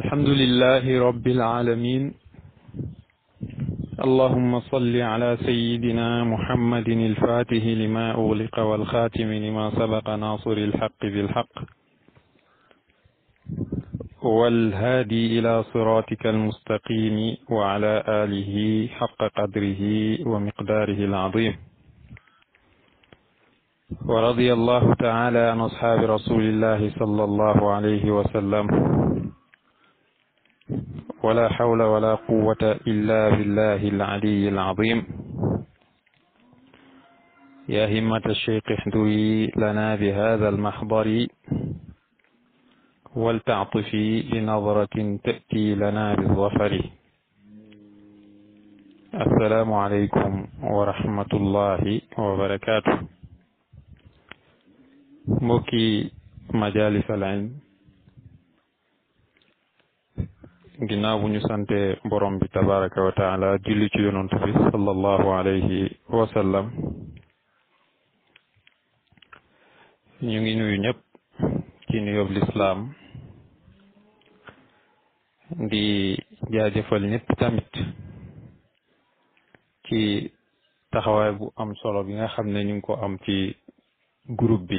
الحمد لله رب العالمين اللهم صل على سيدنا محمد الفاتح لما أغلق والخاتم لما سبق ناصر الحق بالحق والهادي إلى صراطك المستقيم وعلى آله حق قدره ومقداره العظيم ورضي الله تعالى عن أصحاب رسول الله صلى الله عليه وسلم wala hawla wala quwwata illa billahi al-aliyyi al-azim ya himmata ash-shaykh ihduri lana bi hadha al-mahdari ولتعطفي بنظرة تأتي لنا بالظفر السلام عليكم ورحمة الله وبركاته مكي مجالس العلم ginnaaw bu ñu sante borom bi tabaraka wa taala julli ci bi sallallahu alayhi wa ñu ngi nuyu ñëpp ci nuyoob lislaam di jaajëfal ñëpp tamit ci taxawaay bu am solo bi nga xam ne ñu ngi ko am ci groupe bi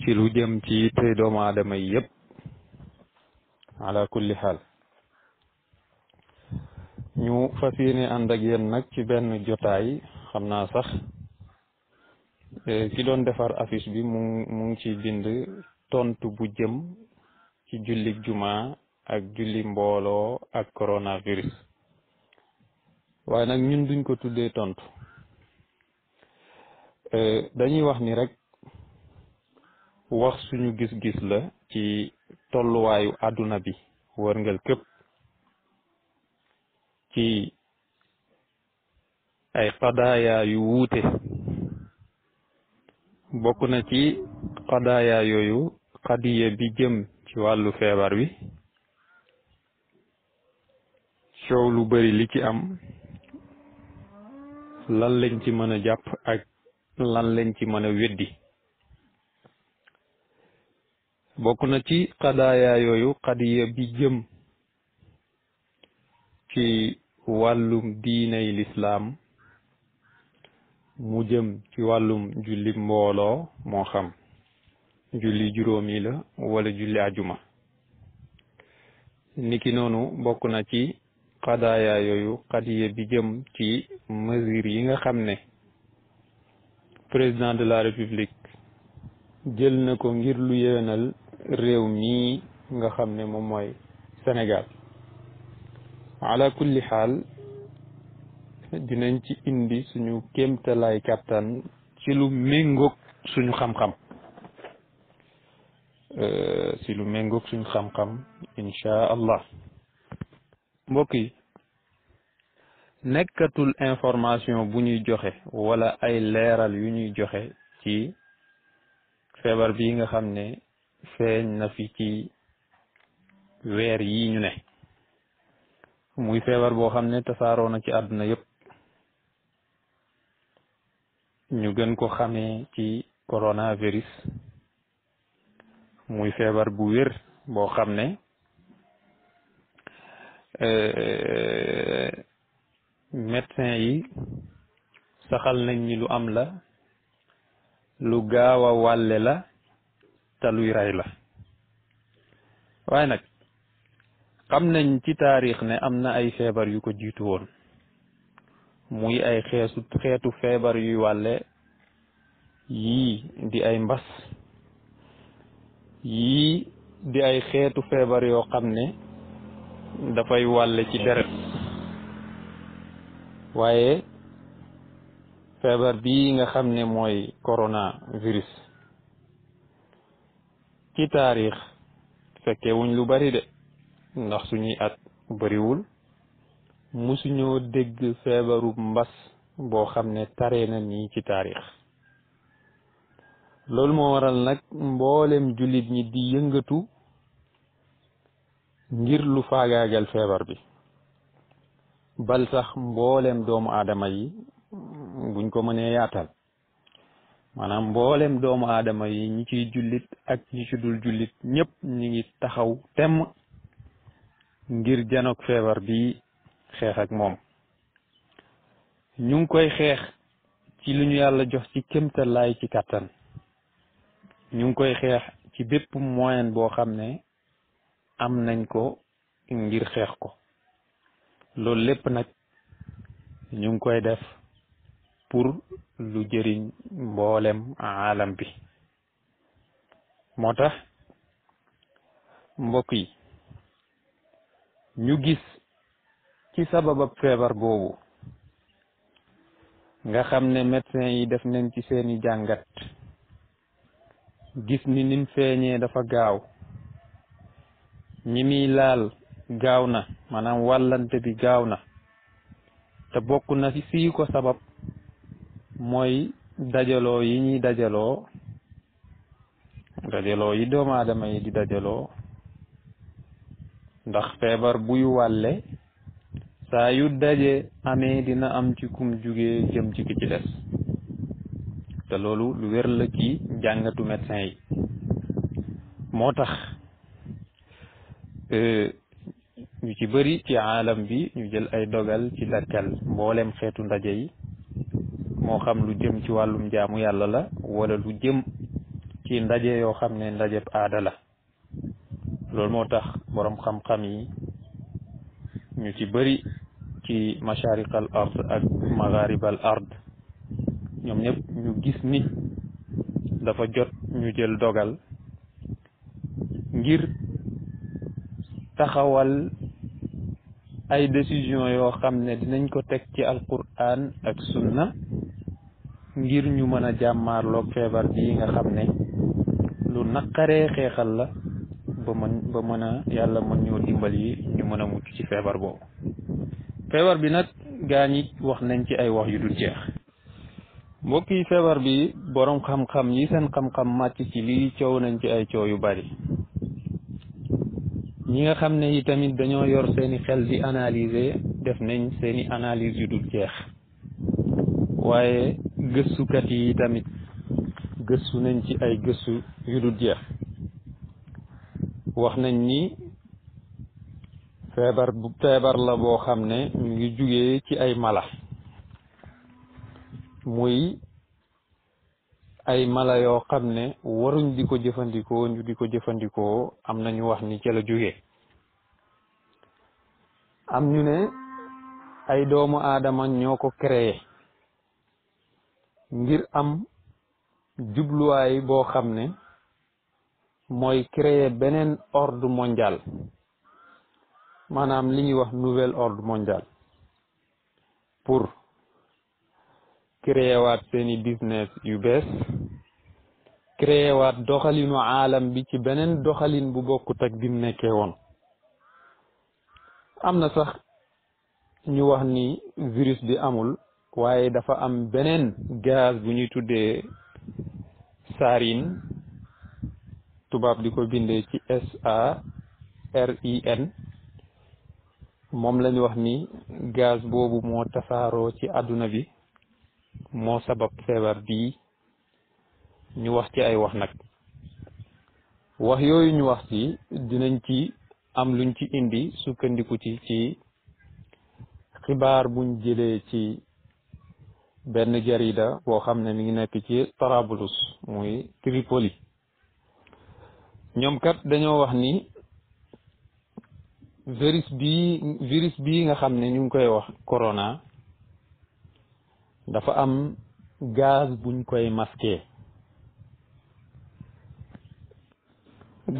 ci lu jëm ci tey doomu aadama yi yëpp ala kulli xaal ñu fas yéene ànd ak nag ci benn jotaay xam naa sax e, ki doon defar affiche bi mu mu ci bind tontu bu jëm ci julli juma ak julli mbooloo ak coronavirus waaye nag ñun duñ ko tuddee tontu e, dañuy wax ni rek wax suñu gis-gis la ci tolluwaayu àdduna bi wërngal képp ci ay xadaaya yu wuute bokk na ci xadaaya yooyu xadiya bi jëm ci wàllu feebar bi coow lu bari li ci am lan lañ ci mën a jàpp ak lan lañ ci mën a weddi bokk na ci xadaaya yooyu xadiya bi jëm ci wàllum diiney lislaam mu jëm ci wàllum julli mbooloo moo xam julli juróomi la wala julli ajuma niki noonu bokk na ci xadaaya yooyu xadiya bi jëm ci mesure yi nga xam ne président de la république jël na ko ngir lu yéenal réew mii nga xam ne moom mooy Sénégal ala kulli xaal dinañ ci indi suñu kéemtalaay kàttan ci lu méngoog suñu xam-xam euh, ci lu méngoog suñu xam-xam insha allah mbokk yi nekkatul information bu ñuy joxe wala ay leeral yu ñuy joxe ci feebar bii nga xam ne feeñ na fi ci weer yi ñu ne muy feebar boo xam ne tasaaroo na ci àdduna yépp ñu gën ko xamee ci coronavirus muy feebar bu wér boo xam ne euh, médecin yi saxal nañ ni lu am la lu gaaw a wàlle la te luy la waaye nag xam nañ ci taarix ne am na ay feebar yu ko jiitu woon muy ay xeesu xeetu feebar yuy wàlle yii di ay mbas yii di ay xeetu feebar yoo xam ne dafay wàlle ci deret waaye feebar bii nga xam ne mooy corona ci taarix fekke wuñ lu bari de ndax suñuy at bariwul musuñoo dégg feebaru mbas boo xam ne tare na nii ci taarix loolu moo waral nag mboolem jullit ñi di yëngatu ngir lu faagaagal feebar bi bal sax mboolem doomu aadama yi buñ ko mënee yaatal maanaam mboolem doomu aadama yi ñi ciy jullit ak ñu ci dul jullit ñëpp ñu ngi taxaw temm ngir janoog feebar bi xeexak moom ñu ngi koy xeex ci lu ñu yàlla jox ci kémtalaay ci kàttan ñu ngi koy xeex ci bépp moyen boo xam ne am nañ ko ngir xeex ko loolu lépp nag ñu ngi koy def pour lu jëriñ mboolem aalam bi moo tax mbokk yi ñu gis ci sababa feebar boobu nga xam ne médecin yi def nañ ci seeni jàngat gis ni nim feeñee dafa gaaw ñi muy laal gaaw na maanaam wàllante bi gaaw na te bokk na ci sii sabab mooy dajaloo yi ñuy dajaloo dajaloo yi doomu aadama yi di dajaloo ndax feebar buy wàlle saa yu daje amee dina am ci kum jugee jëm ci ci des te loolu lu wér ci jàngatu médecin yi moo tax euh, ñu ci bëri ci aalam bi ñu jël ay dogal ci dakkal mboolem xeetu ndaje yi moo xam lu jëm ci wàllum jaamu yàlla la wala lu jëm ci ndaje yoo xam ne ndajeb aada la loolu moo tax boroom xam-xam yi ñu ci bari ci mashariq al ard ak magharib al ñoom ñëpp ñu gis ni dafa jot ñu jël dogal ngir taxawal ay décision yoo xam ne dinañ ko teg ci alquran ak sunna ngir ñu mën a jàmmaarloog feebar yi nga xam ne lu naqaree xeexal la ba mën ba mën a yàlla mën ñoo dimbal yi ñu mën a mucc ci feebar boobu feebar bi nag gaa ñi wax nañ ci ay wax yu dul jeex mbokk yi feebar bi boroom xam-xam yi seen xam-xam màcc ci lii coow nañ ci ay coow yu bari ñi nga xam ne tamit dañoo yor seeni xel di analyser def nañ seeni analyse yu dul jeex waaye gëstukat yi tamit gëstu nañ ci ay gëstu yu du jeex wax nañ ni feebar bu feebar la boo xam ne ñu ngi jugee ci ay mala muy ay mala yoo xam ne waruñ di ko jëfandikoo ñu di ko jëfandikoo am na ñu wax ni ca la jugee am ñu ne ay doomu aadama ñoo ko créé ngir am jubluwaay boo xam ne mooy créer beneen ordre mondial maanaam li ñuy wax nouvel ordre mondial pour créer waat seeni business yu bees créer waat doxalinu aalam bi ci beneen doxaliin bu bokkut ak bi nekkee woon am na sax ñu wax ni virus bi amul waaye dafa am beneen gaz bu ñuy tuddee saarin tubaab di ko bindee ci S A R I moom lañu wax ni gaz boobu moo tasaaroo ci àdduna bi moo sabab feebar bii ñu wax ci ay wax nag wax yooyu ñu wax ci dinañ ci am luñ ci indi sukkandiku ci ci xibaar buñ jëlee ci benn jarida boo xam ne mi ngi nekk ci Tarablus muy Tripoli ñoom kat dañoo wax ni virus bi virus bii nga xam ne ñu koy wax corona dafa am gaz buñ koy masqué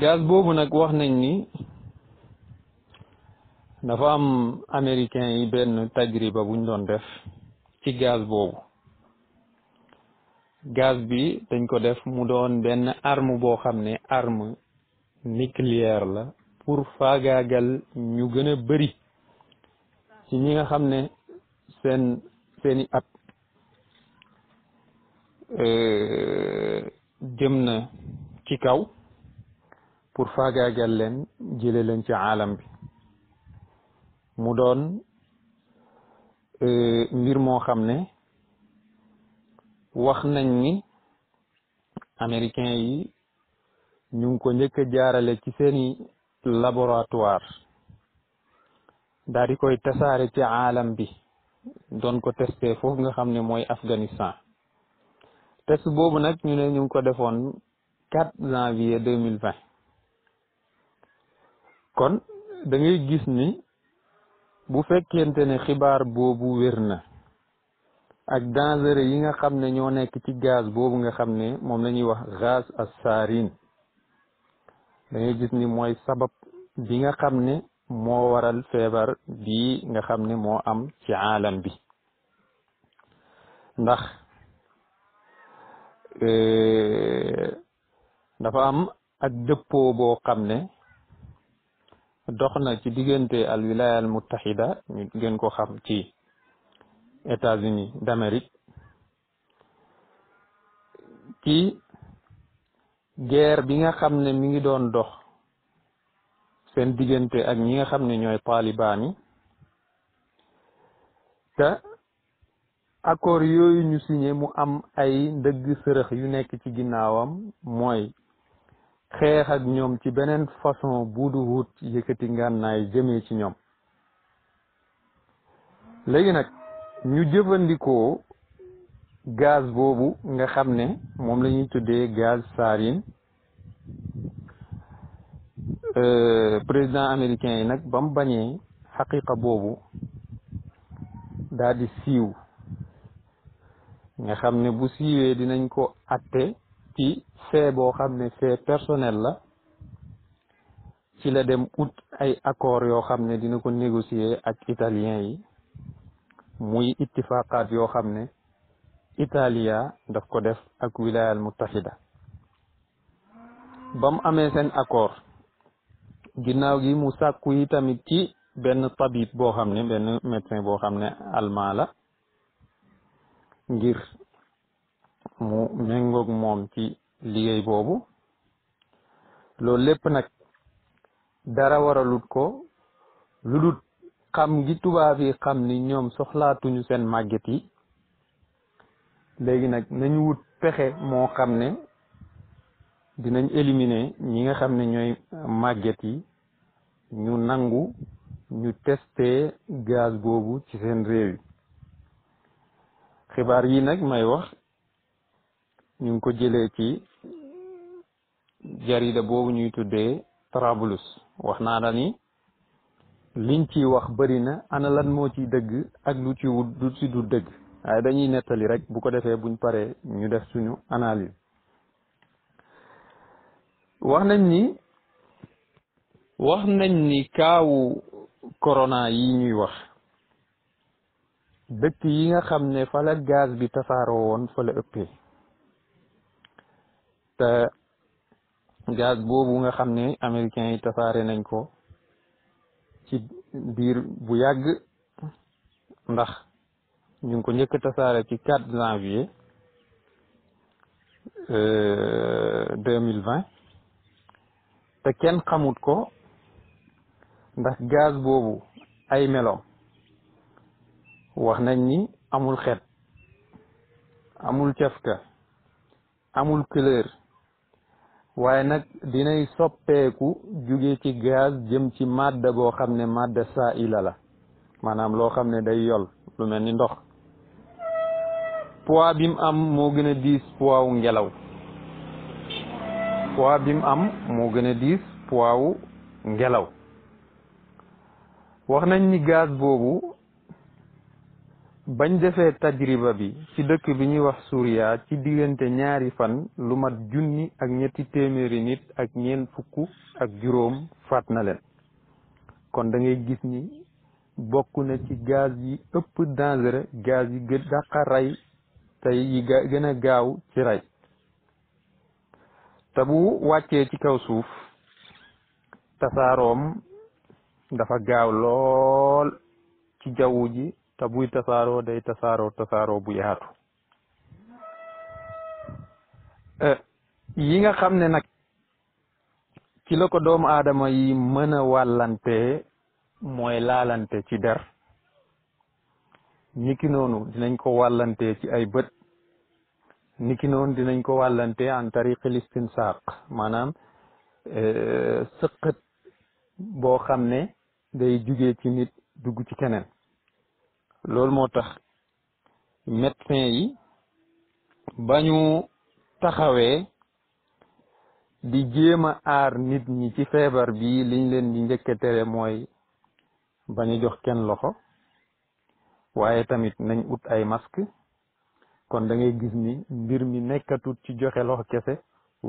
gaz boobu nag wax nañ ni dafa am américain yi benn tajriba buñ doon def ci gaz boobu gaz bi dañ ko def mu doon benn arme boo xam ne arme nucléaire la pour faagaagal ñu gën a bëri ci ñi nga xam ne seen seeni at euh, jëm na ci kaw pour faagaagal leen jële leen ci aalam bi mu doon Euh, mbir moo xam ne wax nañ ni américain yi ñu ngi ko njëkk a jaarale ci seeni laboratoire daal koy tasaare ci alam bi doon ko testé foofu nga xam ne mooy Afghanistan test boobu nag ñu ne ñu ngi ko defoon 4 janvier 2020 kon da gis ni bu fekkente ne xibaar boobu wér na ak danger yi nga xam ne ñoo nekk ci gaz boobu nga xam ne moom la wax gaz as-sarin da ngay gis ni mooy sabab bi nga xam ne moo waral feebar bii nga xam ne moo am ci aalam bi ndax euh, dafa am ak dëppoo boo xam ne dox na ci diggante al wilaya al muttahida ñu gën ko xam ci États-Unis d'Amérique ci guerre bi nga xam ne mi ngi doon dox seen diggante ak ñi nga xam ne ñooy taliban yi te accord yooyu ñu signé mu am ay ndëgg sërëx yu nekk ci ginnaawam mooy xeex ak ñoom ci beneen façon bu du wut yëkkati ngànnaay jëmee ci ñoom léegi nag ñu jëfandikoo gaz boobu nga xam ne moom la ñuy tuddee gaz sarin euh, président américain yi nag ba mu bañee xaqiqa boobu daal di siiw nga xam ne bu siiwee dinañ ko atte ci fee boo xam ne fee personnel la ci la dem ut ay accord yoo xam ne dina ko négocier ak italien yi muy ittifaqaat yoo xam ne Italia daf ko def ak wilayal muttahida ba mu amee seen accord ginnaaw gi mu sàkku yi tamit ci benn tabib boo xam ne benn médecin boo xam ne allemand la ngir mu méngoog moom ci liggéey boobu loolu lépp nag dara waralut ko lu dul xam gi tubaab yi xam ni ñoom soxlaatuñu seen màgget yi léegi nag nañu wut pexe moo xam ne dinañ éliminer ñi nga xam ne ñooy màgget yi ñu nangu ñu testé gaz boobu ci seen réew yi xibaar yi nag may wax ñu ngi ko jëlee ci jarida boobu ñuy tuddee Trablus wax naa na ni liñ ci wax bëri na ana moo ciy dëgg ak lu ci wut lu ci du dëgg waaye dañuy nettali rek bu ko defee buñ paree ñu def suñu analyse wax nañ ni wax nañ ni kaawu corona yi ñuy wax dëkk yi nga xam ne fa la bi tasaaroo woon fa ëppee te gaz boobu nga xam ne américains yi tasaare nañ ko ci biir bu yàgg ndax ñu ngi ko njëkk a tasaare ci 4 janvier euh, deux te kenn xamut ko ndax gaz boobu ay meloom wax nañ ni amul xet amul cafka amul couleur waaye nag dinay soppeeku jóge ci gaz jëm ci màdd goo xam ne madda saa'ila la maanaam loo xam ne day yol lu mel ni ndox poids bi mu am moo gën a diis poids wu ngelaw poids bi mu am moo gën a diis poids wu ngelaw wax nañ ni gaz boobu bañ defee tajriba bi ci dëkk bi ñuy wax Suuriya ci diggante ñaari fan lu mat junni ak ñetti téeméeri nit ak ñeent fukk ak juróom faat leen kon dangay gis ni bokk na ci gaz yi ëpp dangereux gaz yi gën dàqa rey tey yi gën a gaaw ci rey te bu wàccee ci kaw suuf tasaaroom dafa gaaw lool ci jaww ji te buy tasaaroo day tasaaroo tasaaroo bu yaatu eh, yi nga xam ne nag ci la ko doomu aadama yi mëna a wàllante mooy laalante ci der niki noonu dinañ ko wàllante ci ay bët niki noonu dinañ ko wàllante en tariqil istinsaq maanaam eh, sëqët boo xam ne day jugee ci nit dugg ci keneen loolu moo tax médecin yi bañu taxawee di jéema aar nit ñi ci feebar bi liñ leen di njëkk a tere mooy bañu jox kenn loxo waaye tamit nañ ut ay masque kon da ngay gis ni mbir mi nekkatut ci joxe loxo kese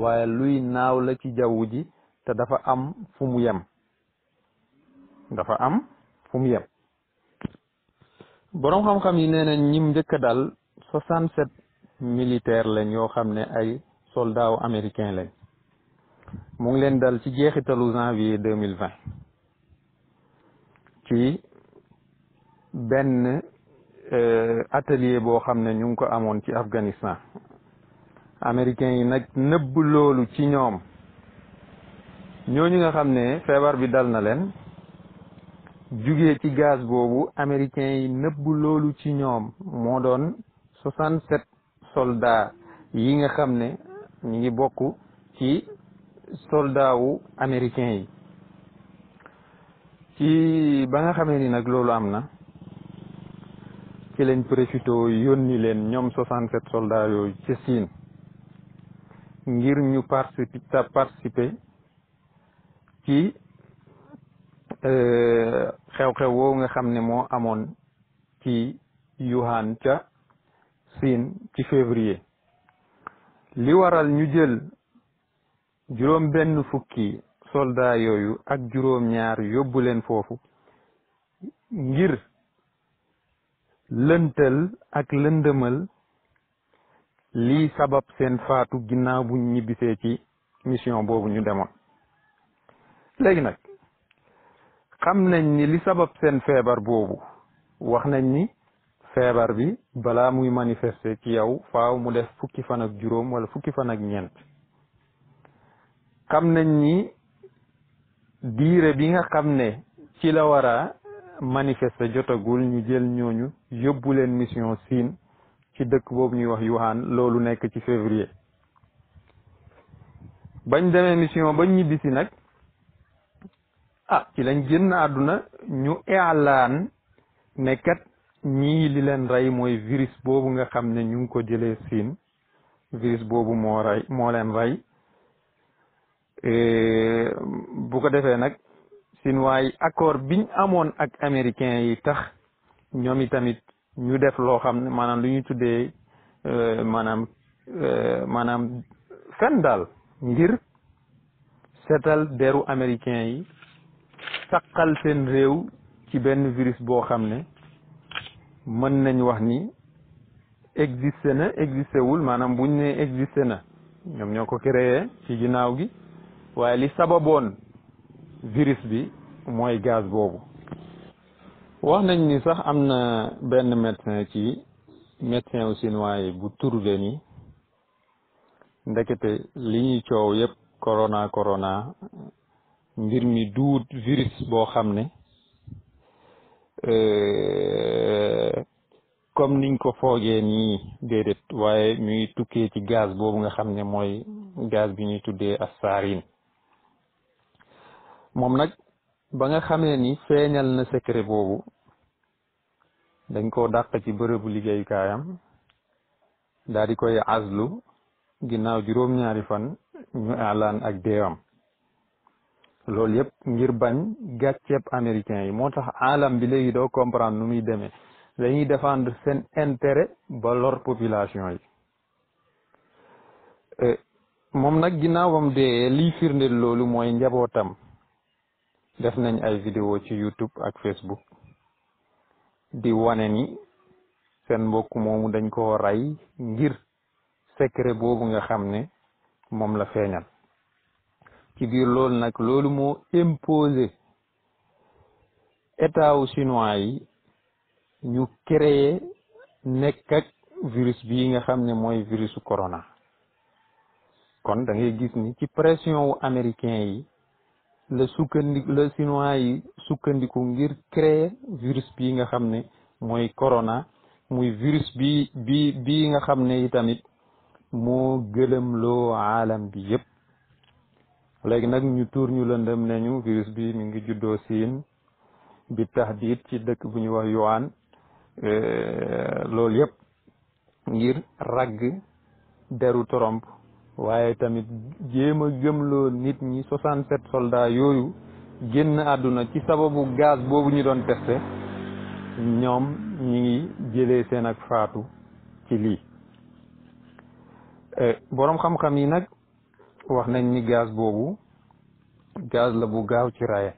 waaye luy naaw la ci jaww ji te dafa am fumu yem dafa am fu mu yem boroom xam-xam yi nee nañ ñim njëkk a dal soixante sept militaire lañ yoo xam ne ay soldats américain lañ mu ngi leen dal ci jeexitalu janvier deux mille vingt ci benn euh, atelier boo xam ne ñu ngi ko amoon ci Afghanistan américain yi nag nëbb loolu ci ñoom ñooñu nga xam ne feebar bi dal na leen jugee ci gaz boobu américains yi nëbbu loolu ci ñoom moo doon soixante sept soldats yi nga xam ne ñu ngi bokk ci soldaawu wu yi ci ba nga xamee ni nag loolu am na ci lañ profité yónni leen ñoom soixante sept soldats yooyu ca Siin ngir ñu participer participer ci euh, xew-xew woowu nga xam ne moo amoon ci Yuhan ca Siin ci février li waral ñu jël juróom benn fukki soldat yooyu ak juróom ñaar yóbbu leen foofu ngir lëntal ak lëndëmal lii sabab seen faatu ginnaaw bu ñibbisee ci mission boobu ñu demoon léegi nag xam nañ ni li sabab seen feebar boobu wax nañ ni feebar bi balaa muy manifester ci yow faaw mu def fukki fan ak juróom wala fukki fan ak ñeent xam nañ ni diire bi nga xam ne ci la war a manifester jotagul ñu jël ñooñu yóbbu leen mission Siin ci dëkk boobu ñuy wax Yuhan loolu nekk ci février bañ demee mission ba ñibbisi nag a ah, ci lañ génn àdduna ñu ealaan nekkat kat ñii li leen rey mooy virus boobu nga xam ne ñu ngi ko jëlee siin virus boobu moo rey moo leen rey e, bu ko defee nag chinois waay accord biñ amoon ak américains yi tax ñoom itamit ñu def loo xam ne maanaam lu ñu tuddee e, maanaam e, maanaam fen daal ngir seetal deru américains yi saqal seen réew ci benn virus boo xam ne mën nañ wax ni existé na existé wul maanaam buñ ne existé na ñoom ñoo ko créé ci ginnaaw gi waaye li sababoon virus bi mooy gaz boobu wax nañ ni sax am na benn médecin ci médecin wu chinois yi bu turbe ni ndekete li ñuy coow yépp corona corona mbir mi duut virus boo xam ne euh, comme niñ ko foogee nii déedéet waaye muy tukkee ci gaz boobu nga xam ne mooy gaz bi ñuy tuddee assaarine moom nag ba nga xamee ni feeñal na secret boobu dañ ko dàq ci bërëbu liggéeyukaayam daal di koy azlu ginnaaw juróom-ñaari fan ñu alaan ak deewam loolu yëpp ngir bañ gàcceeb américain yi moo tax alam bi léegi doo comprendre nu muy demee dañuy défendre seen intérêt ba lor population yi euh, moom nag ginnaawam dee liy firndeel loolu mooy njabootam def nañ ay vidéo ci YouTube ak Facebook di wane ni seen mbokk moomu dañ koo rey ngir secret boobu nga xam ne moom la feeñal ci loolu nag loolu moo imposé état wu chinois yi ñu créer nekk ak virus bii nga xam ne mooy virusu corona kon da gis ni ci pression wu américain yi la sukkandiku la chinois yi sukkandiku ngir créer virus bii nga xam ne mooy corona muy virus bi bi nga xam ne tamit moo gëlëm loo aalam bi yépp léegi nag ñu tuur ñu lëndëm ne ñu virus bi mi ngi juddoo siin bi tahdid ci dëkk bu ñu wax yuwaan eh, loolu yëpp ngir ragg deru Trump waaye tamit jéem a gëmloo nit ñi soixante sept soldats yooyu génn àdduna ci sababu gaz boobu ñu doon testé ñoom ñi ngi jëlee seen ak faatu ci lii eh, boroom xam-xam yi nag wax nañ ni gaz boobu gaz la bu gaaw ci raaya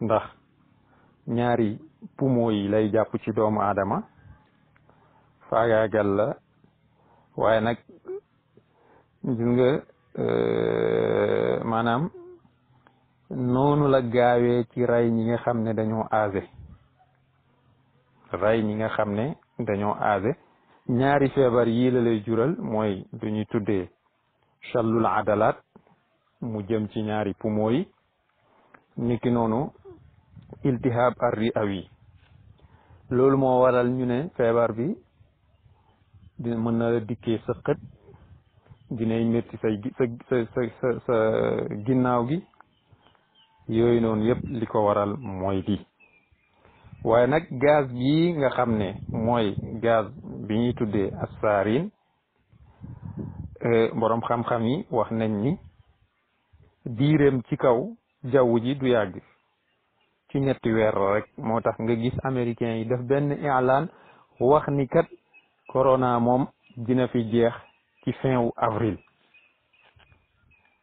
ndax ñaari poumon yi lay jàpp ci doomu aadama faagaagal la waaye nag gis nga euh, maanaam noonu la gaawee ci ray ñi nga xam ne dañoo aase ray ñi nga xam ne dañoo aase ñaari feebar yii la lay jural mooy du ñuy tuddee challul adalaat mu jëm ci ñaari poumon yi niki noonu iltihab arri awi loolu moo waral ñu ne feebar bi dina mën na la dikkee sa xët dinay métti say sa sa sa sa ginnaaw gi yooyu noonu yëpp li ko waral mooy lii waaye nag gaz gi nga xam ne mooy gaz bi ñuy tuddee assarin Euh, boroom xam-xam yi wax nañ ni diireem ci kaw jaww ji du yàgg ci ñetti weer la rek moo tax nga gis américains yi def benn ilaan wax ni kat corona moom dina fi jeex ci fin wu avril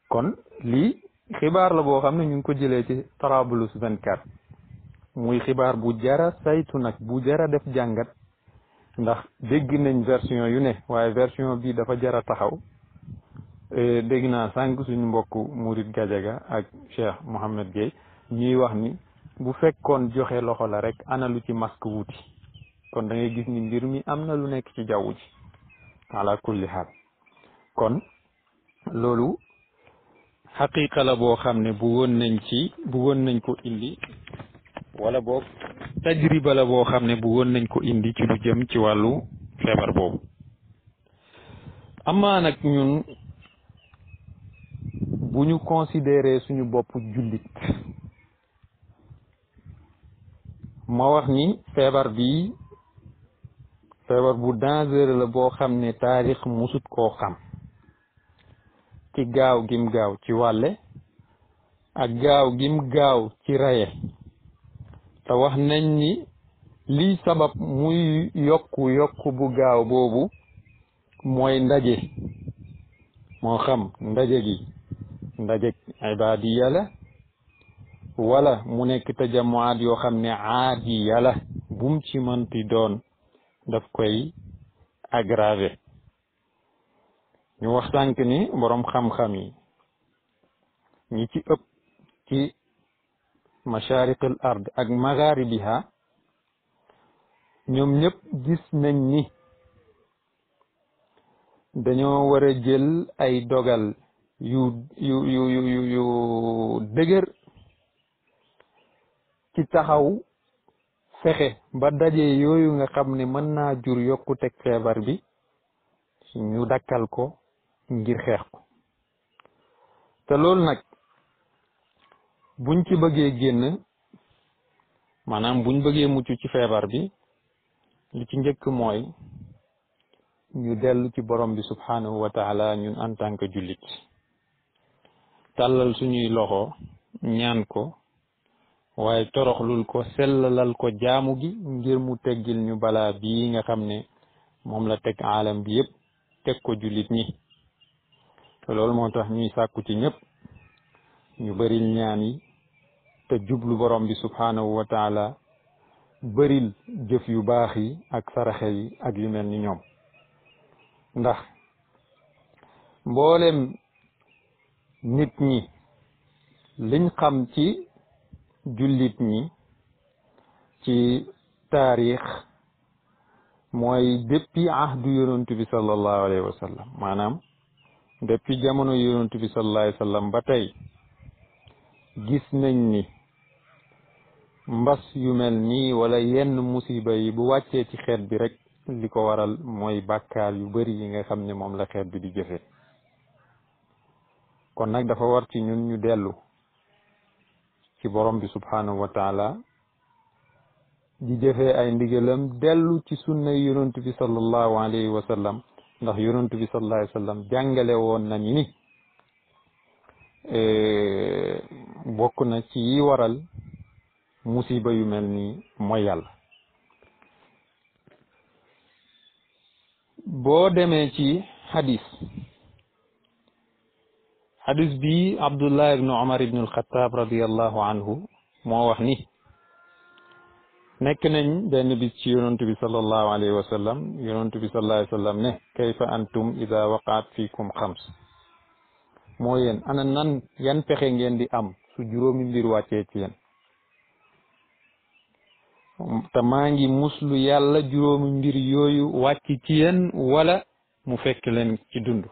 kon lii xibaar la boo xam ne ñu ngi ko jëlee ci Trablus 24 muy xibaar bu jara saytu nag bu jara def jàngat ndax dégg nañ version yu ne waaye version bii dafa jara taxaw e, dégg naa sànq suñu mbokk Mourid Gadiaga ak Cheikh Mohammed Gueye ñuy wax ni bu fekkoon joxe loxo la rek ana lu ci masque wuuti kon dangay gis ni mbir mi am na lu nekk ci jawwu ji ala kulli kon loolu xaqiqa la boo xam ne bu nañ ci bu nañ ko indi wala boog tajriba la boo xam ne bëggoon nañ ko indi ci lu jëm ci wàllu feebar boobu amaa nag ñun bu ñu considéré suñu boppu jullit ma wax ni feebar bi feebar bu dangereux la boo xam ne taarix musut koo xam ci gaaw gim gaaw ci wàlle ak gaaw gim gaaw ci raye te wax nañ ni lii sabab muy yokku yokku bu gaaw boobu mooy ndaje moo xam ndaje gi ndaje ibaadiya yala wala mu nekk tajamuwaat yoo xam ne aadiya la bum ci mënti doon daf koy aggravé ñu wax sànq ni boroom xam-xam yi ñi ci ëpp ci mashariq al ard ak magharibiha ñoom ñëpp gis nañ ni dañoo war a jël ay dogal yu yu yu yu yu dëgër ci taxaw fexe ba daje yooyu nga xam ne mën naa jur yokku yokkuteg feebar bi ñu dakkal ko ngir xeex ko te loolu nag buñ ci bëggee génn maanaam buñ bëggee mucc ci feebar bi li ci njëkk mooy ñu dellu ci borom bi subhanahu wa taala ñun en tant que jullit tàllal suñuy loxo ñaan ko waaye toroxlul ko sellalal ko jaamu gi ngir mu teggil ñu balaa bi nga xam ne moom la teg aalam bi yépp teg ko jullit ñi te loolu moo tax ñuy sàkku ci ñépp ñu bëril ñaan yi te jublu borom bi subhaanahu wa taala bëril jëf yu baax yi ak saraxe yi ak yu mel ni ñoom ndax mboolem nit ñi liñ xam ci jullit ñi ci taarix mooy depuis ahdu yonent bi alayhi wa sallam maanaam depuis jamono yonent bi ba tey gis nañ ni mbas yu mel nii wala yenn musiba yi bu wàccee ci xeet bi rek li ko waral mooy bàkkaar yu bari yi nga xam ne moom la xeet bi di jëfe kon nag dafa war ci ñun ñu dellu ci borom bi subhanahu wa taala di jëfee ay ndigalam dellu ci sunna yonent bi sallallahu alayhi wa ndax yonent bi sallallahu alayhi wa sallam jàngale woon nañu ni eh, bokk na ci yi waral musiba yu mel ni mooy yàlla boo demee ci xadis xadis bi abdullah ibnu omar ibnu alxataab radiallahu anhu moo wax ni nekk nañ benn ci yonantu bi sallallahu alayhi wa sallam yonantu bi sallallahu alayhi wa sallam ne kayfa antum ida waqaat fiikum xams moo yéen ana nan yan pexe ngeen di am su juróomi mbir ci yéen te maa ngi muslu yàlla juróomi mbir yooyu wàcc ci yéen wala mu fekk leen ci dund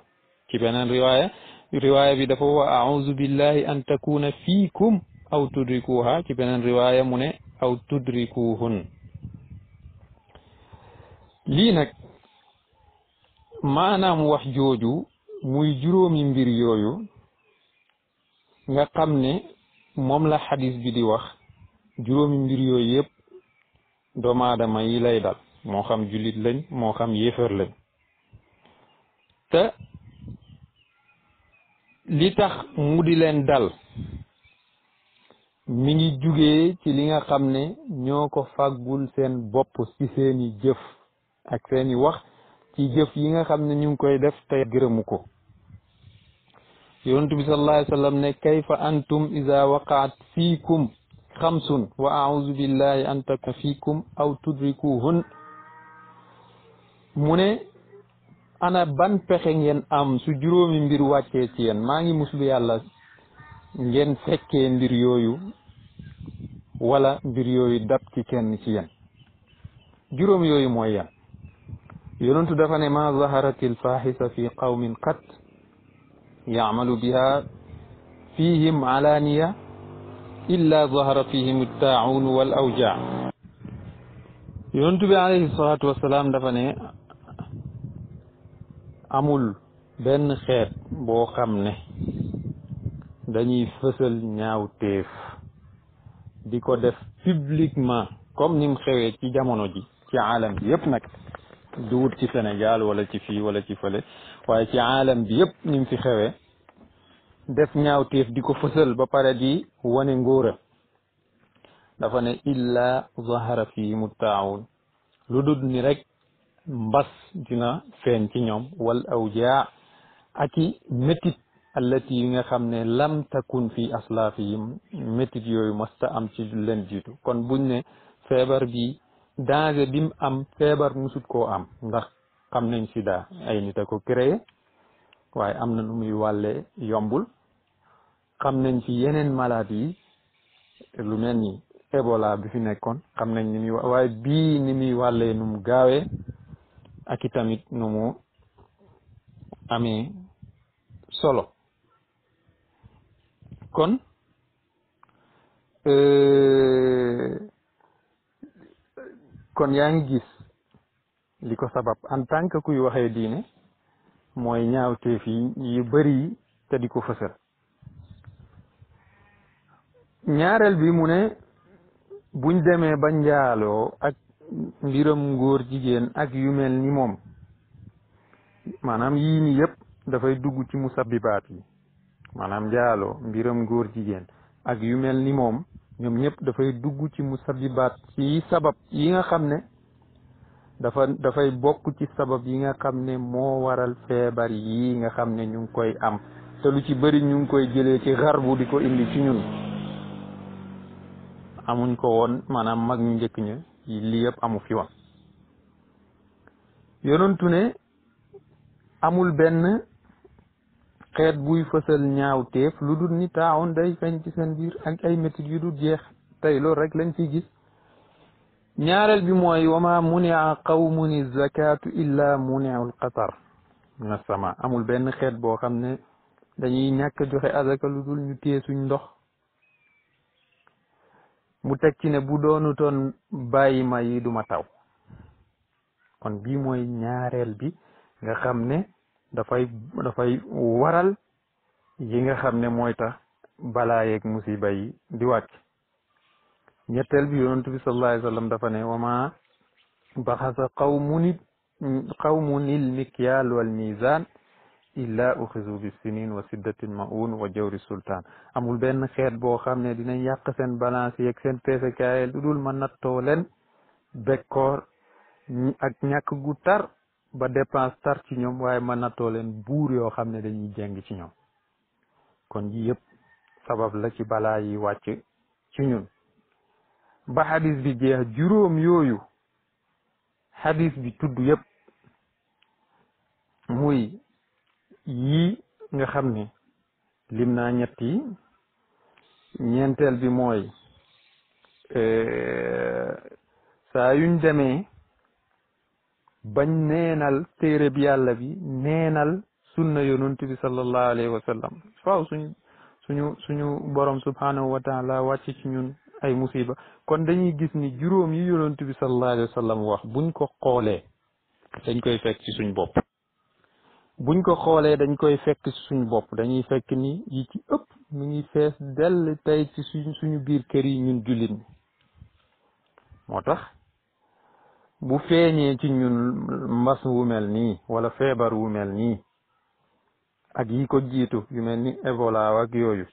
ci beneen riwaaya riwaaya bi dafa wa auzu billahi an takuna fiikum aw tudrikuha ci beneen riwaaya mu ne aw tudrikuhun lii nag maanaam wax jooju muy juróomi mbir nga xam ne moom la xadis di wax juróomi mbir yooyu yëpp doomu yi lay dal moo xam jullit lañ moo xam yéefar lañ te li tax mu di leen dal mi ngi jugee ci li nga xam ne ñoo ko fàggul seen bopp ci seeni jëf ak seeni wax ci jëf yi nga xam ne ñu ngi koy def te gërëmu ko yonent bi sallallahu alayhi wa sallam ne kayfa antum iza waqaat fiikum xamsun wa aaudu billahi an takuna fiikum aw tudrikuhun mu ne ana ban pexe ngen am su juróomi mbir wàccee ci yéen maa ngi muslu yàlla ngeen fekkee mbir yooyu wala mbir yooyu dab ci ci yéen juróom yooyu mooy yan dafa ne ma zaharat alfaxisa fi qawmin qat yaamalu biha fihim alaaniya illa zahara fihim taaun wal awja yonent bi alayhi dafa ne amul benn xeet boo xam ne dañuy fësal ñaaw téef di ko def publiquement comme ni mu xewee ci jamono ji ci aalam bi yëpp nag du wut ci Sénégal wala ci fii wala ci fële waaye ci aalam bi yëpp ni mu fi xewee def ñaawteef di ko fësal ba pare di wane ngóora dafa ne illa zahara fi mu taawun lu dud ni rek mbas dina feeñ ci ñoom wal aw ak aki métit allati yi nga xam ne lam takun fi aslaafihim métit yooyu masta am ci leen jiitu kon buñ ne feebar bi danger bim am feebar musut koo am ndax xam nañ sida ay nit ko créé waaye am na nu muy wàlle yombul xam nañ ci yeneen maladies yi lu mel ni Ebola bi fi nekkoon xam nañ ni muy waaye bii ni muy wàllee nu mu gaawee ak i tamit amee solo kon euh, kon yaa ngi gis li ko sabab en tant que kuy waxee diine mooy ñaawteef yi yu bëri te di ko fësal ñaareel bi mu ne buñ demee ba njaaloo ak mbiram ngóor jigéen ak yu mel ni moom maanaam yii nii yëpp dafay dugg ci musabibaat yi maanaam njaaloo mbiram ngóor jigéen ak yu mel ni moom ñoom ñëpp dafay dugg ci musabibaat ci sabab yi nga xam ne dafa dafay bokk ci sabab yi nga xam ne moo waral feebar yii nga xam ne ñu ngi koy am te lu ci bari ñu ngi koy jëlee ci xar bu di ko indi ci ñun amuñ ko woon maanaam mag ñu njëkk ña lii yëpp amu fi woon yonentu ne amul benn xeet buy fësal ñaaw téef lu dul ni taawoon day feeñ ay métit jeex tey loolu rek lañ ciy gis ñaareel bi mooy wama munia qawmun zakatu illa sama amul benn xeet boo xam ne dañuy ñàkk joxe azaka lu dul ñu téye ndox mu teg ci ne bu doonutoon bàyyi ma yi duma taw kon bii mooy ñaareel bi nga xam ne dafay dafay waral yi nga xam ne mooy tax balaa yeeg musiba yi di wàcc ñetteel bi yonent bi sallallahu alayhi dafa ne wama baxasa qawmun qawmunil mikyaal wal mizaan illaa uxizu bi sinin wa siddatin maun wa jawri sultaan amul benn xeet boo xam ne dina yàq seen balance yeeg seen peesekaayel lu dul ma nattoo leen bekkoor ak ñàkk gu tar ba dépense tar ci ñoom waaye ma nattoo leen buur yoo xam ne dañuy jeng ci ñoom kon ji sabab la ci balaa yi wàcc ci ñun ba xadis bi jeex juróom yooyu xadis bi tudd yëpp muy yii nga xam ni lim naa ñett yi ñeenteel bi mooy eh, saa yuñ demee bañ neenal téere bi yàlla bi neenal sunna yonent bi sallallahu alayhi wa sallam faaw suñu suñu suñu borom subhanahu wa taala wàcc ci ñun ay musiba kon dañuy gis ni juróom yi yonent bi sallallahu alayhi wa sallam wax buñ ko xoolee dañ koy fekk ci suñ bopp buñ ko xoolee dañ koy fekk ci suñu bopp dañuy fekk ni yi ci ëpp mu ngi fees dell tey ci suñ suñu biir kër yi ñun jullit ñi moo tax bu feeñee ci ñun mbas wu mel nii wala feebar wu mel nii ak yi ko jiitu yu mel ni Ebola ak yooyu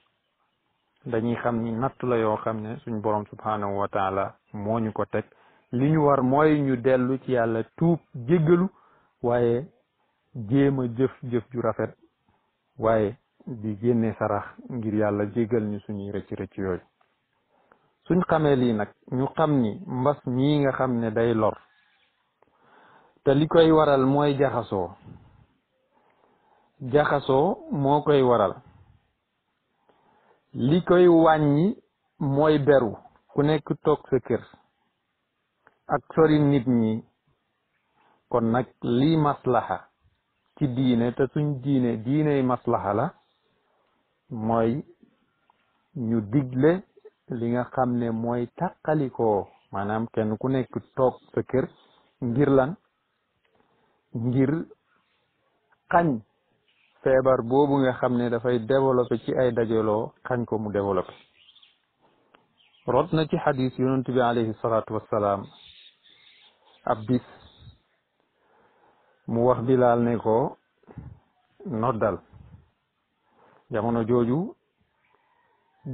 dañuy xam ni natt la yoo xam ne suñ borom subhanahu wa moo ñu ko teg li ñu war mooy ñu dellu ci yàlla tuub jéggalu waaye jéem a jëf jëf ju rafet waaye di génne sarax ngir yàlla jégal ñu suñuy rëcc rëcc yooyu suñ xamee lii nag ñu xam ni mbas mii nga xam ne day lor te li koy waral mooy jaxasoo jaxasoo moo koy waral li koy wàññi mooy beru ku nekk toog sa kër ak sori nit ñi kon nag lii maslaxa ci diine te suñ diine diiney maslaha la mooy ñu digle li nga xam ne mooy tàqalikoo maanaam kenn ku nekk toog sa kër ngir lan ngir xañ feebar boobu nga xam ne dafay développé ci ay dajaloo xañ ko mu développé rot na ci xadis yonent bi alayhi salaatu wassalaam ab bis mu wax bilaal ne ko noddal jamono jooju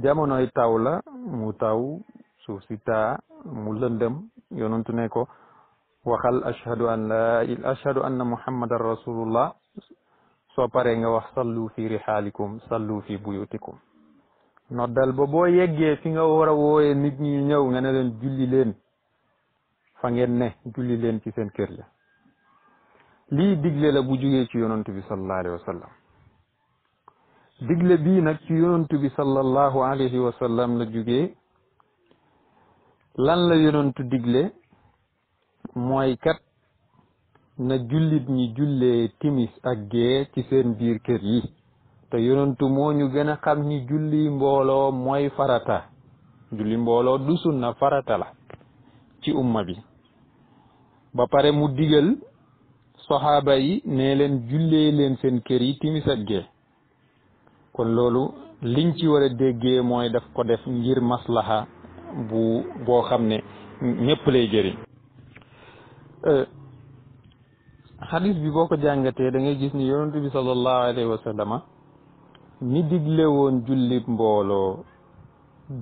jamonoy taw la mu taw suuf si taa mu lëndëm yonantu ne ko waxal ashhadu an la ashhadu anna muhammadan rasulullah soo paree nga wax sallu fi rihaalikum sallu fi buyutikum noddal ba boo yeggee fi nga war a nit ñi ñëw nga ne leen julli leen fa ngeen ne julli leen ci seen kër ya lii digle la bu jugee ci yonent bi sallallahu alayhi wa digle bii nag ci yonent bi sallallahu alayhi wa sallam la jugee lan la yonentu digle mooy kat na jullit ñi jullee timis ak gee ci seen biir kër yi te yonentu moo gën a xam ni julli mbooloo mooy farata julli mbooloo du sunna farata la ci umma bi ba pare mu digal saxaaba yi nee leen jullee leen seen kër yi timis ak kon loolu liñ ci war a déggee mooy daf ko def ngir maslaha bu boo xam ne ñëpp lay jëriñ euh, xadis bi boo ko jàngatee dangay gis ni yonent bi sallallahu alayhi wa sallama ni digle woon julli mbooloo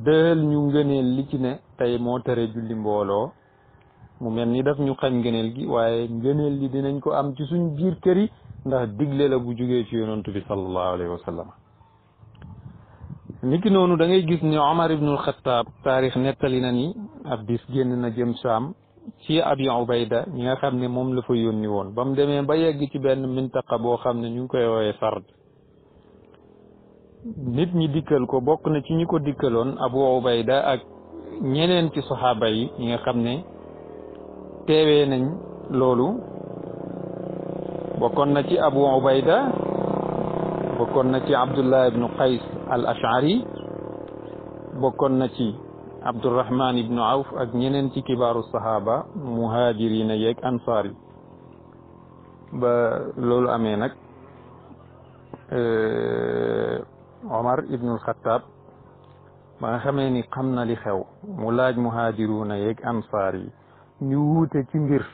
dëhal ñu ngëneel li ci ne tey moo tere julli mbooloo mu mel ni daf ñu xañ ngëneel gi waaye ngëneel li dinañ ko am ci suñ biir kër yi ndax digle la bu jógee ci yonantu bi sallallahu alayhi noonu da gis ni Omar ibnul Xataab taarix na ni ab bis génn na jëm saam ci Abi Ubayda ñi nga xam ne moom la fa yónni woon ba mu demee ba yegg ci benn mintaqa boo xam ne ñu ngi koy woowee Sard nit ñi dikkal ko bokk na ci ñi ko dikkaloon Abu Ubayda ak ñeneen ci saxaaba yi ñi nga xam ne teewee nañ loolu bokkoon na ci abu ubayda bokkoon na ci abdullah ibnu qays al ashari bokkoon na ci abdurahman ibnu awf ak ñeneen ci kibaaru sahaaba muhaajirina yeeg ansaar yi ba loolu amee nag eh, omar ibnul xataab ba nga xamee ni xam na li xew mu laaj muhaajiruna yeeg ansaar yi ñu wuute ci mbir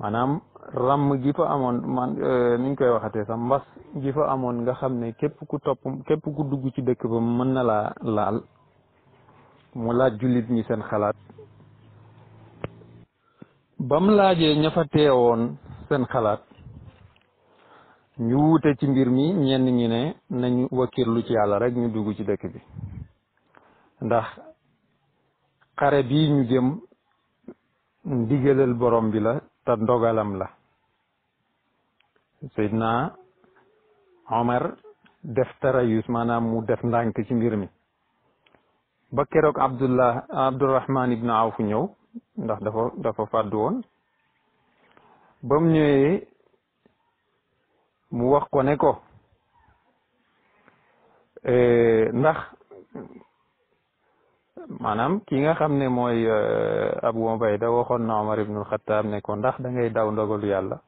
maanaam ràmm gi fa amoon man euh, niñ koy waxatee sax mbas gi fa amoon nga xam ne képp ku topp képp ku dugg ci dëkk ba mën na laa laal mu laaj jullit ñi seen xalaat bam laajee ña fa seen xalaat ñu wuute ci mbir mi ñenn ñi ne nañ wakkirlu ci yàlla rek ñu dugg ci dëkk bi ndax xare bii ñu jëm ndigalal borom bi la te ndogalam la Seydina Omar def tarayus maanaam mu def ndànk ci mbir mi ba keroog Abdullah Abdurahman ibn Awf ñëw ndax dafa dafa fàddu woon ba mu ñëwee mu wax ko ne ko eh, ndax maanaam ki nga xam ne mooy euh, Abu Ubayda waxoon na Omar ibnul Xataab ne ndax da ngay daw ndogalu yàlla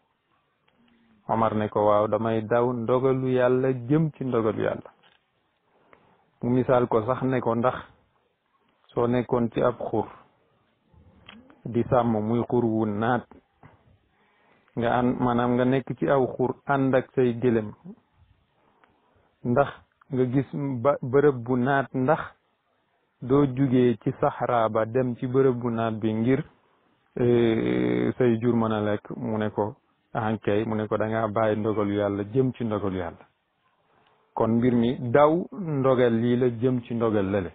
Omar ne ko waaw damay daw ndogalu yàlla jëm ci ndogalu yàlla mu misaal ko sax ne ndax soo nekkoon ci ab xur di sàmm muy xur wu naat nga an maanaam nga nekk ci aw xur ànd ak say gëlëm ndax nga gis bërëb bu naat ndax doo jugee ci saxaraa dem ci bërëb bu naat bi ngir e, say jur mën a lekk mu ne ko ankay mu ne ko da bàyyi ndogalu yàlla jëm ci ndogalu yàlla kon mbir mi daw ndogal lii la jëm ci ndogal lale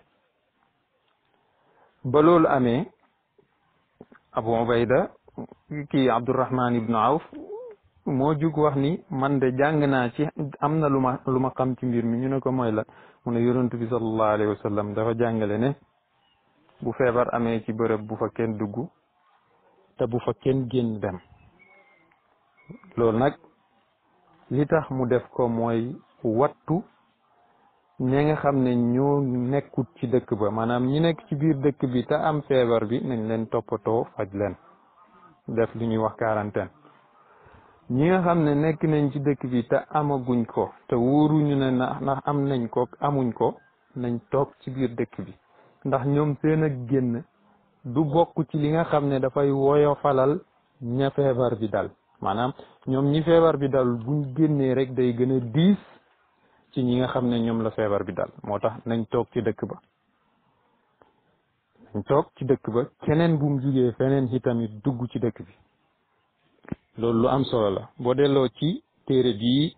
ba loolu amee abu ubayda kii abdurahman ibnu awf moo jug wax ni man de jàng naa ci am na lu ma lu ma xam ci mbir mi ñu ne ko mooy la mu ne yonent bi sallallahu alayhi wa sallam dafa jàngale ne bu feebar amee ci bërëb bu fa kenn dugg te bu fa kenn génn dem loolu nag li tax mu def ko mooy wattu ñi nga xam ne ñoo nekkut ci dëkk ba maanaam ñu nekk ci biir dëkk bi te am feebar bi nañ leen toppatoo faj leen def lu ñuy wax quarantaine ñi nga xam ne nekk nañ ci dëkk bi te amaguñ ko te wóoruñu ne na ndax am nañ ko amuñ ko nañ toog ci biir dëkk bi ndax ñoom seen ak génn du bokk ci li nga xam ne dafay woyo falal ña feebar bi dal maanaam ñoom ñi feebar bi dal buñ génnee rek day gën a diis ci ñi nga xam ne ñoom la feebar bi dal moo tax nañ toog ci dëkk ba nañ toog ci dëkk ba keneen bu mu jugee feneen ci tamit dugg ci dëkk bi loolu lu am solo la boo delloo ci téere bii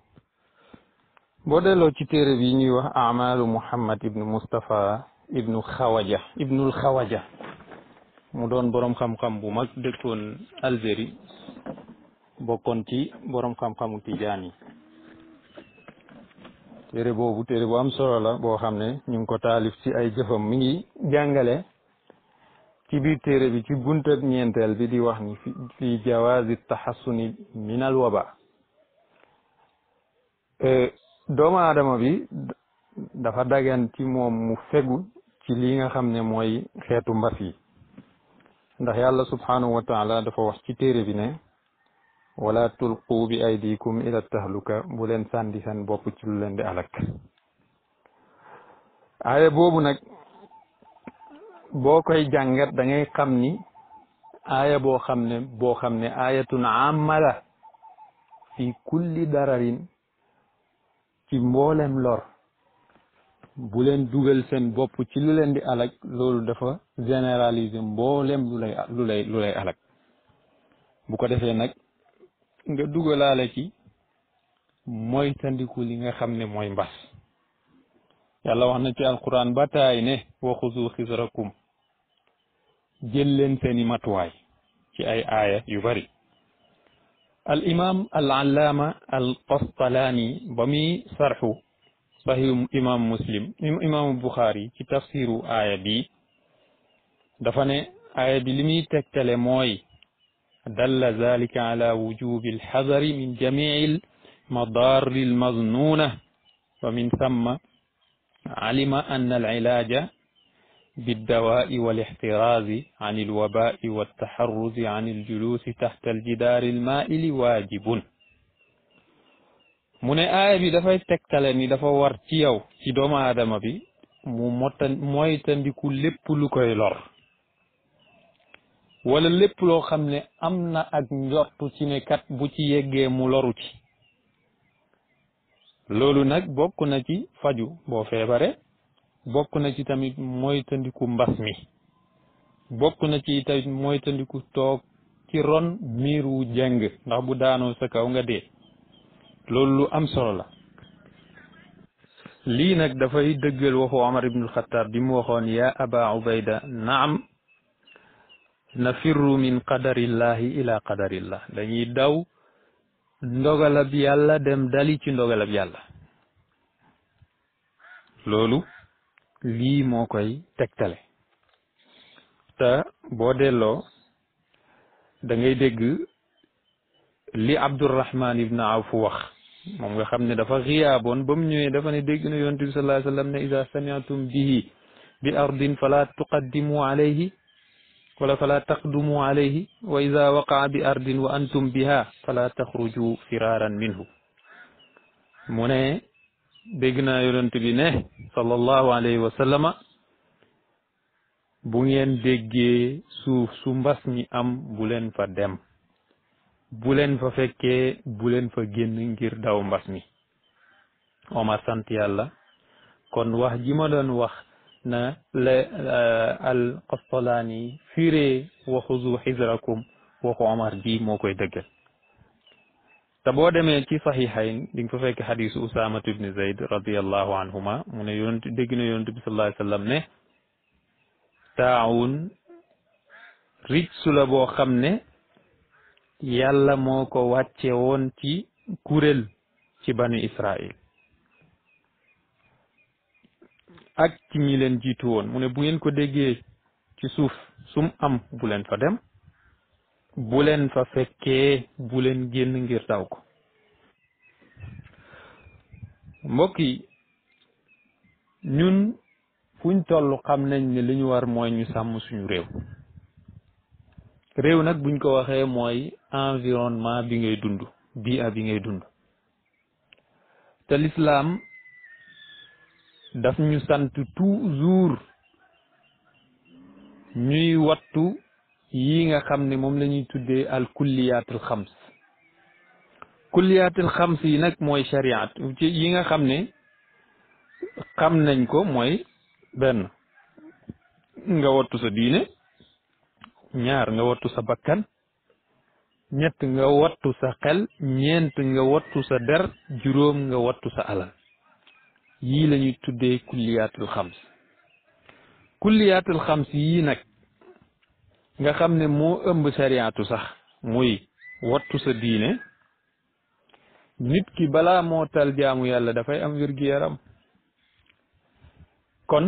boo delloo ci téere bii ñuy wax amalu muhammad ibnu mustafa ibnu xawaja ibnul xawaja mu doon boroom xam-xam bu mag dëkkoon Algérie bokkoon ci boroom xam-xamu tijaan yi téere boobu téere bu am solo la boo xam ne ñu ngi ko taalif ci ay jëfam mi ngi jàngale ci biir téere bi ci buntab ñeenteel bi di wax ni fi fi jawaazi taxassuni min waba e, doomu aadama bi dafa dagan ci moom mu fegu ci li nga xam ne mooy xeetu mbas yi ndax yàlla subhanahu wa taala dafa wax ci téere bi ne wala tulqu aydikum ila tahluka bu leen sàndi seen bopp ci lu leen di alak boobu nag boo koy jàngat dangay xam ni aaya boo xam ne boo xam ne aayatun amma la fi kulli dararin ci mboolem lor buleen leen dugal seen bopp ci lu leen di alag loolu dafa généraliser mboolem lu lay alag bu ko defee nag nga dugalaale ci mooy tandiku li nga xam ne mooy mbas yàlla wax ci alquran ba ne wa xuzu xisrakum jël leen seeni matuwaay ci ay aaya yu bari al imam al allaama al qastalaani ba muy sarxu saxihu imam muslim imaamu buxaari ci tafsiru aaya bi dafa ne aaya bi li muy tegtale mooy dalla zalika ala wujubi alxadari min jamiil madaari almaznuuna wa min samma alima anna al ilaaja biddawaa'i wal ixtiraazi an ilwabaa'i wattaxarruzi an iljuluusi taxta aljidaari almaa'ili waajibun mu ne aaya bi dafay tegtale ni dafa war ci yow ci doomu aadama bi mu motta moytandiku lépp lu koy lor wala lépp loo xam ne am na ak njortu ci ne kat bu ci yeggee mu loru ci loolu nag bokk na ci faju boo feebare bokk na ci tamit moytandiku mbas mi bokk na ci tamit moytandiku toog ci ron miir wu jeng ndax bu daanoo sa kaw nga dee loolu lu am solo la lii nag dafay dëggal waxu Omar ibnul Xataab bi mu waxoon ya aba ubayda naam nafirru min qadarillahi ila qadarillah dañuy daw ndogalab yàlla dem dali ci ndogalab yàlla loolu lii moo koy tegtale te boo delloo dangay ngay dégg li Abdurrahman ibn Awf wax moom nga xam ne dafa xiyaaboon ba mu ñëwee dafa ne dégg na yonent bi sallallahu alayhi wa sallam ne ida samiatum bihi bi ardin fala tuqaddimu alayhi wala fala taqdumu alayhi wa ida waqaa bi ardin wa antum biha fala taxruju firaran minhu mu ne dégg na yonent bi ne sallallahu alayhi wa sallama bu ngeen déggee suuf su mbas mi am bu leen fa dem bu leen fa fekkee bu leen fa génn ngir daw mbas mi Omar sant yàlla kon wax ji ma doon wax na le euh, al Qastalaani firee waxu zu xisrakum Omar ji moo koy dëggal te boo demee ci saxiixayn di nga fa fekk xadiisu usaamatu ibni zayd radiallahu anhuma mu ne yonent dégg na yonent bi sallallahu alayhi wasallam ne taawun la boo xam ne yàlla moo ko wàcce woon ci kuréel ci banu israil ak ci ñi leen jiitu woon mu ne bu ngeen ko déggee ci suuf sum am bu leen fa dem bu leen fa fekkee bu génn ngir daw ko mbokk yi ñun fuñ tollu xam nañ ne li ñu war mooy ñu sàmm suñu réew réew nag buñ ko waxee mooy environnement bi ngay dundu bii a bi ngay dund te lislaam daf ñu sant toujours ñuy wattu yii nga xam ni moom lañuy ñuy tuddee al kulliyaatul xams kulliyaatul xams yi nag mooy shariat ci yi nga xam ne xam nañ ko mooy benn nga wattu sa diine ñaar nga wattu sa bakkan ñett nga wattu sa xel ñeent nga wattu sa der juróom nga wattu sa alal yii lañuy ñuy tuddee kulliyaatul xams kulliyaatul xams yii nag nga xam ne moo ëmb sariyaatu sax muy wattu sa diine nit ki balaa moo tal jaamu yàlla dafay am wér-gu-yaram kon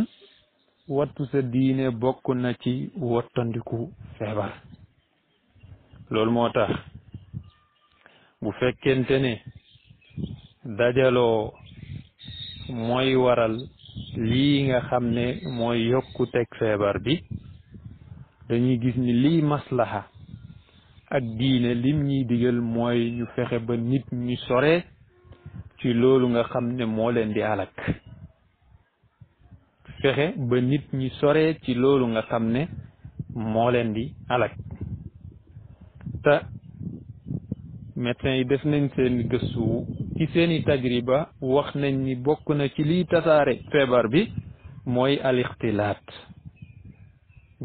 wattu sa diine bokk na ci wattandiku feebar loolu moo tax bu fekkente ne dajaloo mooy waral lii nga xam ne mooy yokku teg feebar bi dañuy gis ni liy maslaha ak diine lim ñuy digal mooy ñu fexe ba nit ñi sore ci loolu nga xam ne moo leen di alak fexe ba nit ñi sore ci loolu nga xam ne moo leen di alak te médecins yi def nañ seen gëstu ci seeni tajriba wax nañ ni bokk na ci liy tasaare feebar bi mooy alixtilaat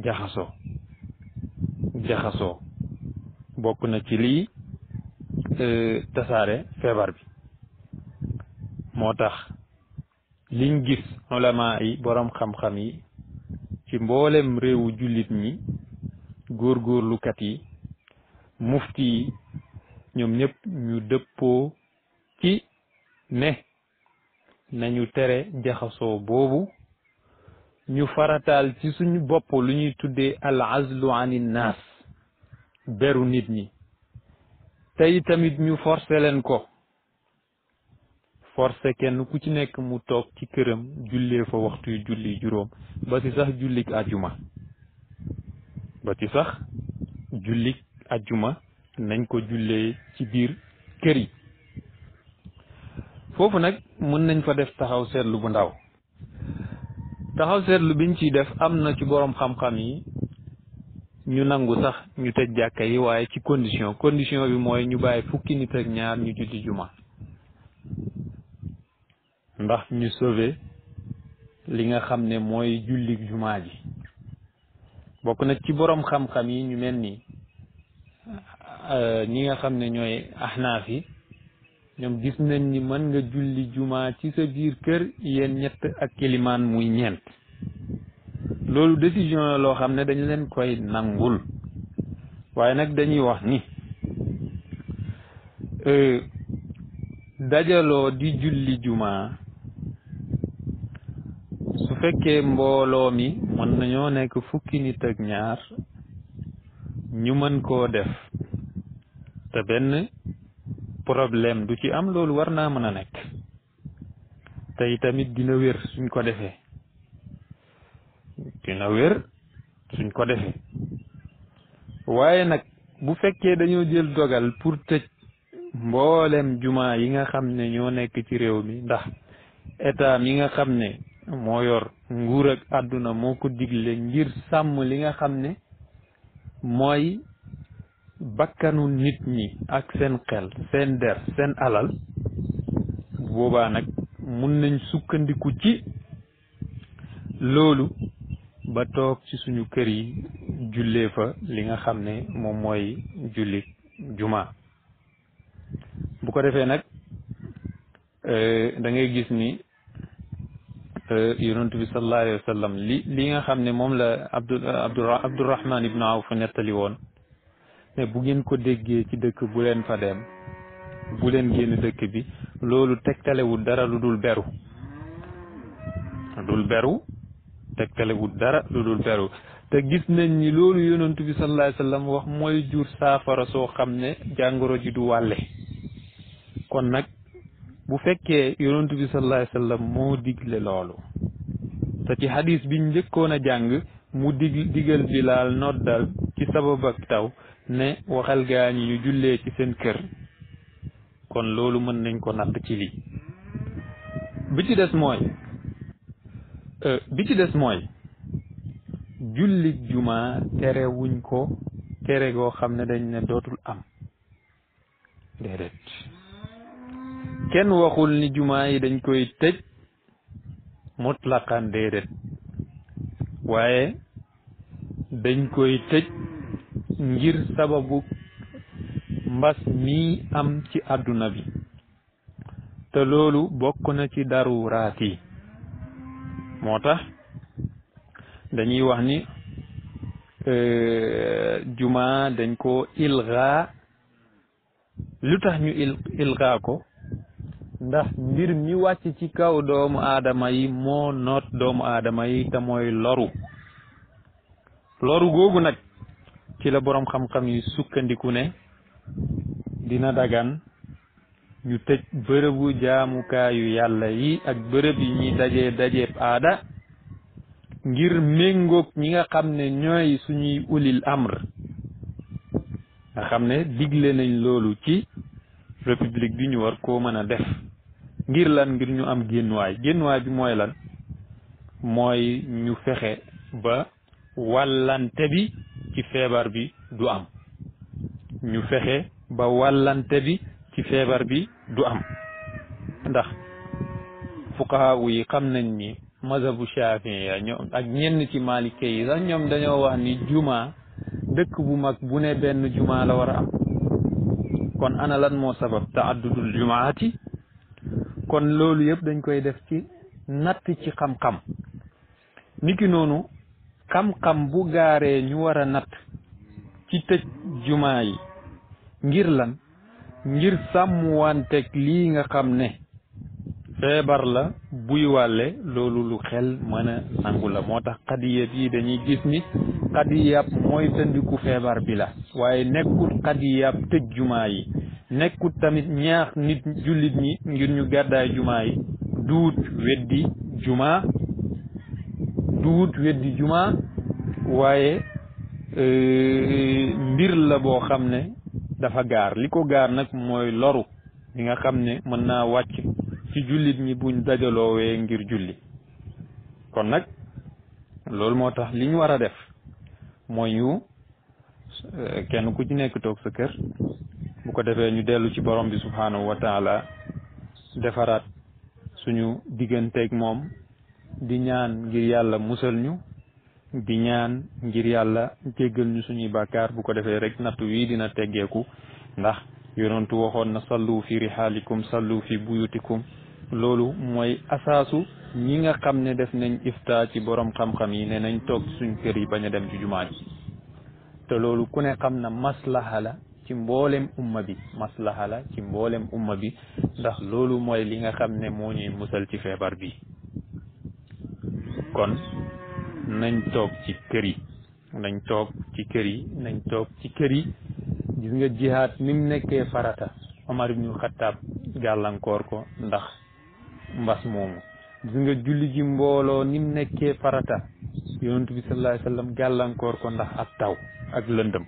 jaxasoo jaxasoo bokk na ci lii euh, tasaare feebar bi moo tax liñ gis ulama yi boroom xam-xam yi ci mboolem réewu jullit ñi góorgóorlukat yi mufti yi ñoom ñépp ñu dëppoo ci ne nañu tere jaxasoo boobu ñu farataal ci suñu bopp lu ñuy tuddee al azlu anin beru nit ñi tey tamit ñu forcé leen ko forcé kenn ku ci nekk mu toog ci këram jullee fa waxtu yu julli juróom ba ci sax jullik ajjuma ba nañ ko jullee ci biir kër yi foofu nag mën nañ fa def taxaw seetlu bu ndaw taxaw seetlu biñ ciy def am na ci boroom xam-xam yi ñu nangu sax ñu tëj jàkka yi waaye ci condition condition bi mooy ñu bàyyi fukki nit ak ñaar ñu julli juma ndax ñu sauver li nga xam ne mooy julli jumaa ji bokk na ci boroom xam-xam yi ñu mel ni euh, ñi nga xam ne ñooy ahnaaf yi ñoom gis nañ ni mën nga julli jumaa ci sa biir kër yéen ñett ak kilimaan muy ñeent loolu décision loo xam ne dañu leen koy nangul waaye nag dañuy wax ni euh, dajaloo di julli jumaa su fekkee mbooloo mi mën nañoo nekk fukki nit ak ñaar ñu mën koo def te benn problème du ci am loolu war naa mën a nekk tey tamit dina wér suñ ko defee dina wér suñ ko defee waaye nag bu fekkee dañoo jël dogal pour tëj mboolem jumaa yi nga xam ne ñoo nekk ci réew mi ndax état yi nga xam ne moo yor nguur ak àdduna moo ko digle ngir sàmm li nga xam ne mooy bakkanu nit ñi ak seen xel seen der seen alal boobaa nag mun nañ sukkandiku ci loolu ba toog ci suñu kër yi jullee fa li nga xam ne moom mooy julli jumaa bu ko defee nag euh, da ngay gis ni euh, yonent bi sallallahu alayhi li li nga xam ne moom la abdu abdurahman ibnu awf nettali woon ne bu ngeen ko déggee ci dëkk bu leen fa dem bu leen génn dëkk bi loolu tegtalewul dara lu dul beru dul beru tegtalewut dara lu beru te gis nañ ni loolu yonent bi sallallahu alayhi wax mooy jur saafara soo xam ne jàngoro ji du wàlle kon nag bu fekkee yonent bi sallallahu alayhi wasallam moo digle loolu te ci hadis bi njëkkoon a jàng mu dig digal laal noddal ci sabab ak taw ne waxal gaa ñi ñu jullee ci seen kër kon loolu mën nañ ko natt ci lii bi ci des mooy bi ci des mooy jullit juma tere ko tere goo xam ne dañ ne dootul am déedéet kenn waxul ni jumaa yi dañ koy tëj mutlaqan déedéet waaye dañ koy tëj ngir sababu mbas mi am ci àdduna bi te loolu bokk na ci daruraat yi moo tax dañuy wax ni euh, juma dañ ko ilga lu tax ñu il ko ndax mbir mi wàcc ci kaw doomu adama yi moo noot doomu aadama yi te mooy loru loru googu nag ci la boroom xam-xam yi sukkandiku ne dina dagan ñu tëj bërëbu jaamukaayu yàlla yi ak bërëb yi ñuy dajee dajeeb aada ngir méngoog ñi nga xam ne ñooy suñuy ulil amr nga xam ne digle nañ loolu ci république bi ñu war koo mën a def ngir lan ngir ñu am génnuwaay génnuwaay bi mooy lan mooy ñu fexe ba wàllante bi ci feebar bi du am ñu fexe ba wàllante bi ci feebar bi du am ndax fuqaha yi xam nañ ni mazhabu Shaafi'i ya ñoom ak ñenn ci Malike yi sax ñoom dañoo wax ni juma dëkk bu mag bu ne benn juma la war a am kon ana lan moo sabab taaddudul jumaati kon loolu yëpp dañ koy def ci natt ci xam-xam niki noonu xam-xam bu gaaree ñu war a natt ci tëj jumaa yi ngir lan ngir sàmm sàmmwanteeg lii nga xam ne feebar la buy wàlle loolu lu xel mën nangu la moo tax xadiyat yi dañuy gis ni xadiyab mooy tëndiku feebar bi la waaye nekkut xadiyab tëj jumaa yi nekkul tamit ñaax nit jullit ñi ngir ñu gàddaay jumaa yi duut weddi jumaa duut weddi jumaa waaye euh, mbir la boo xam ne dafa gaar li ko gaar nag mooy loru li nga xam ne mën naa wàcc ci jullit ñi buñ dajaloowee ngir julli kon nag loolu moo tax li ñu war a def mooy ñu euh, kenn ku ci nekk toog sa kër bu ko defee ñu dellu ci borom bi subhaanahu wa taala defaraat suñu digganteeg moom di ñaan ngir yàlla musal ñu di ñaan ngir yàlla jéggal ñu suñuy bàkkaar bu ko defee rek nattu wii dina teggeeku ndax yonentu waxoon na sallu fi rihaalikum sallu fi buyutikum loolu mooy asaasu ñi nga xam ne def nañ ifta ci borom xam-xam yi ne nañ toog suñ kër yi bañ dem ci jumaa ji te loolu ku ne xam na maslaha la ci mboolem umma bi maslaha la ci mboolem umma bi ndax loolu mooy li nga xam ne moo ñuy musal ci feebar bi kon nañ toog ci kër yi nañ toog ci kër yi nañ toog ci kër yi gis nga jihaad ni mu nekkee farata Omar ñu Xattaab gàllankoor ko ndax mbas moomu gis nga julli gi mbooloo ni mu nekkee farata yonent bi sallallahu alayhi gàllankoor ko ndax ak taw ak lëndëm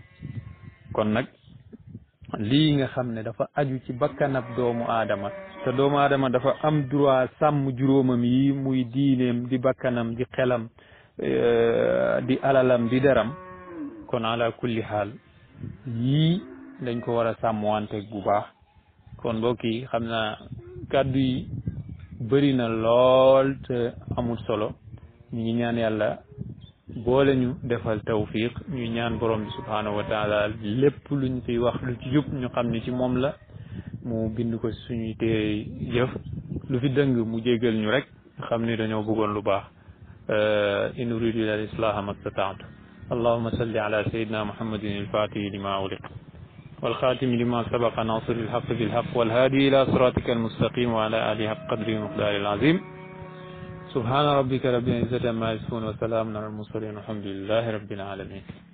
kon nag lii nga xam ne dafa aju ci bakkanab doomu aadama te doomu aadama dafa am droit sàmm juróomam yi muy diineem di bakkanam di xelam di alalam bi deram kon ala kulli xaal yii dañ ko war a sàmmwanteeg bu baax kon mbokk yi xam naa kàddu yi bëri na lool te amul solo ñu ngi ñaan yàlla boole ñu defal tawfiq ñu ñaan borom bi subhanahu wa taala lépp luñ fiy wax lu ci jub ñu xam ni ci moom la mu bind ko suñuy téere jëf lu fi dëng mu jéggal ñu rek xam ni dañoo bëggoon lu baax إن أريد إلا الإصلاح ما استطعت اللهم صل على سيدنا محمد الفاتح لما أغلق والخاتم لما سبق ناصر الحق بالحق والهادي إلى صراطك المستقيم وعلى آله حق قدره ومقداره العظيم سبحان ربك رب العزة ما يصفون وسلام على المرسلين والحمد لله رب العالمين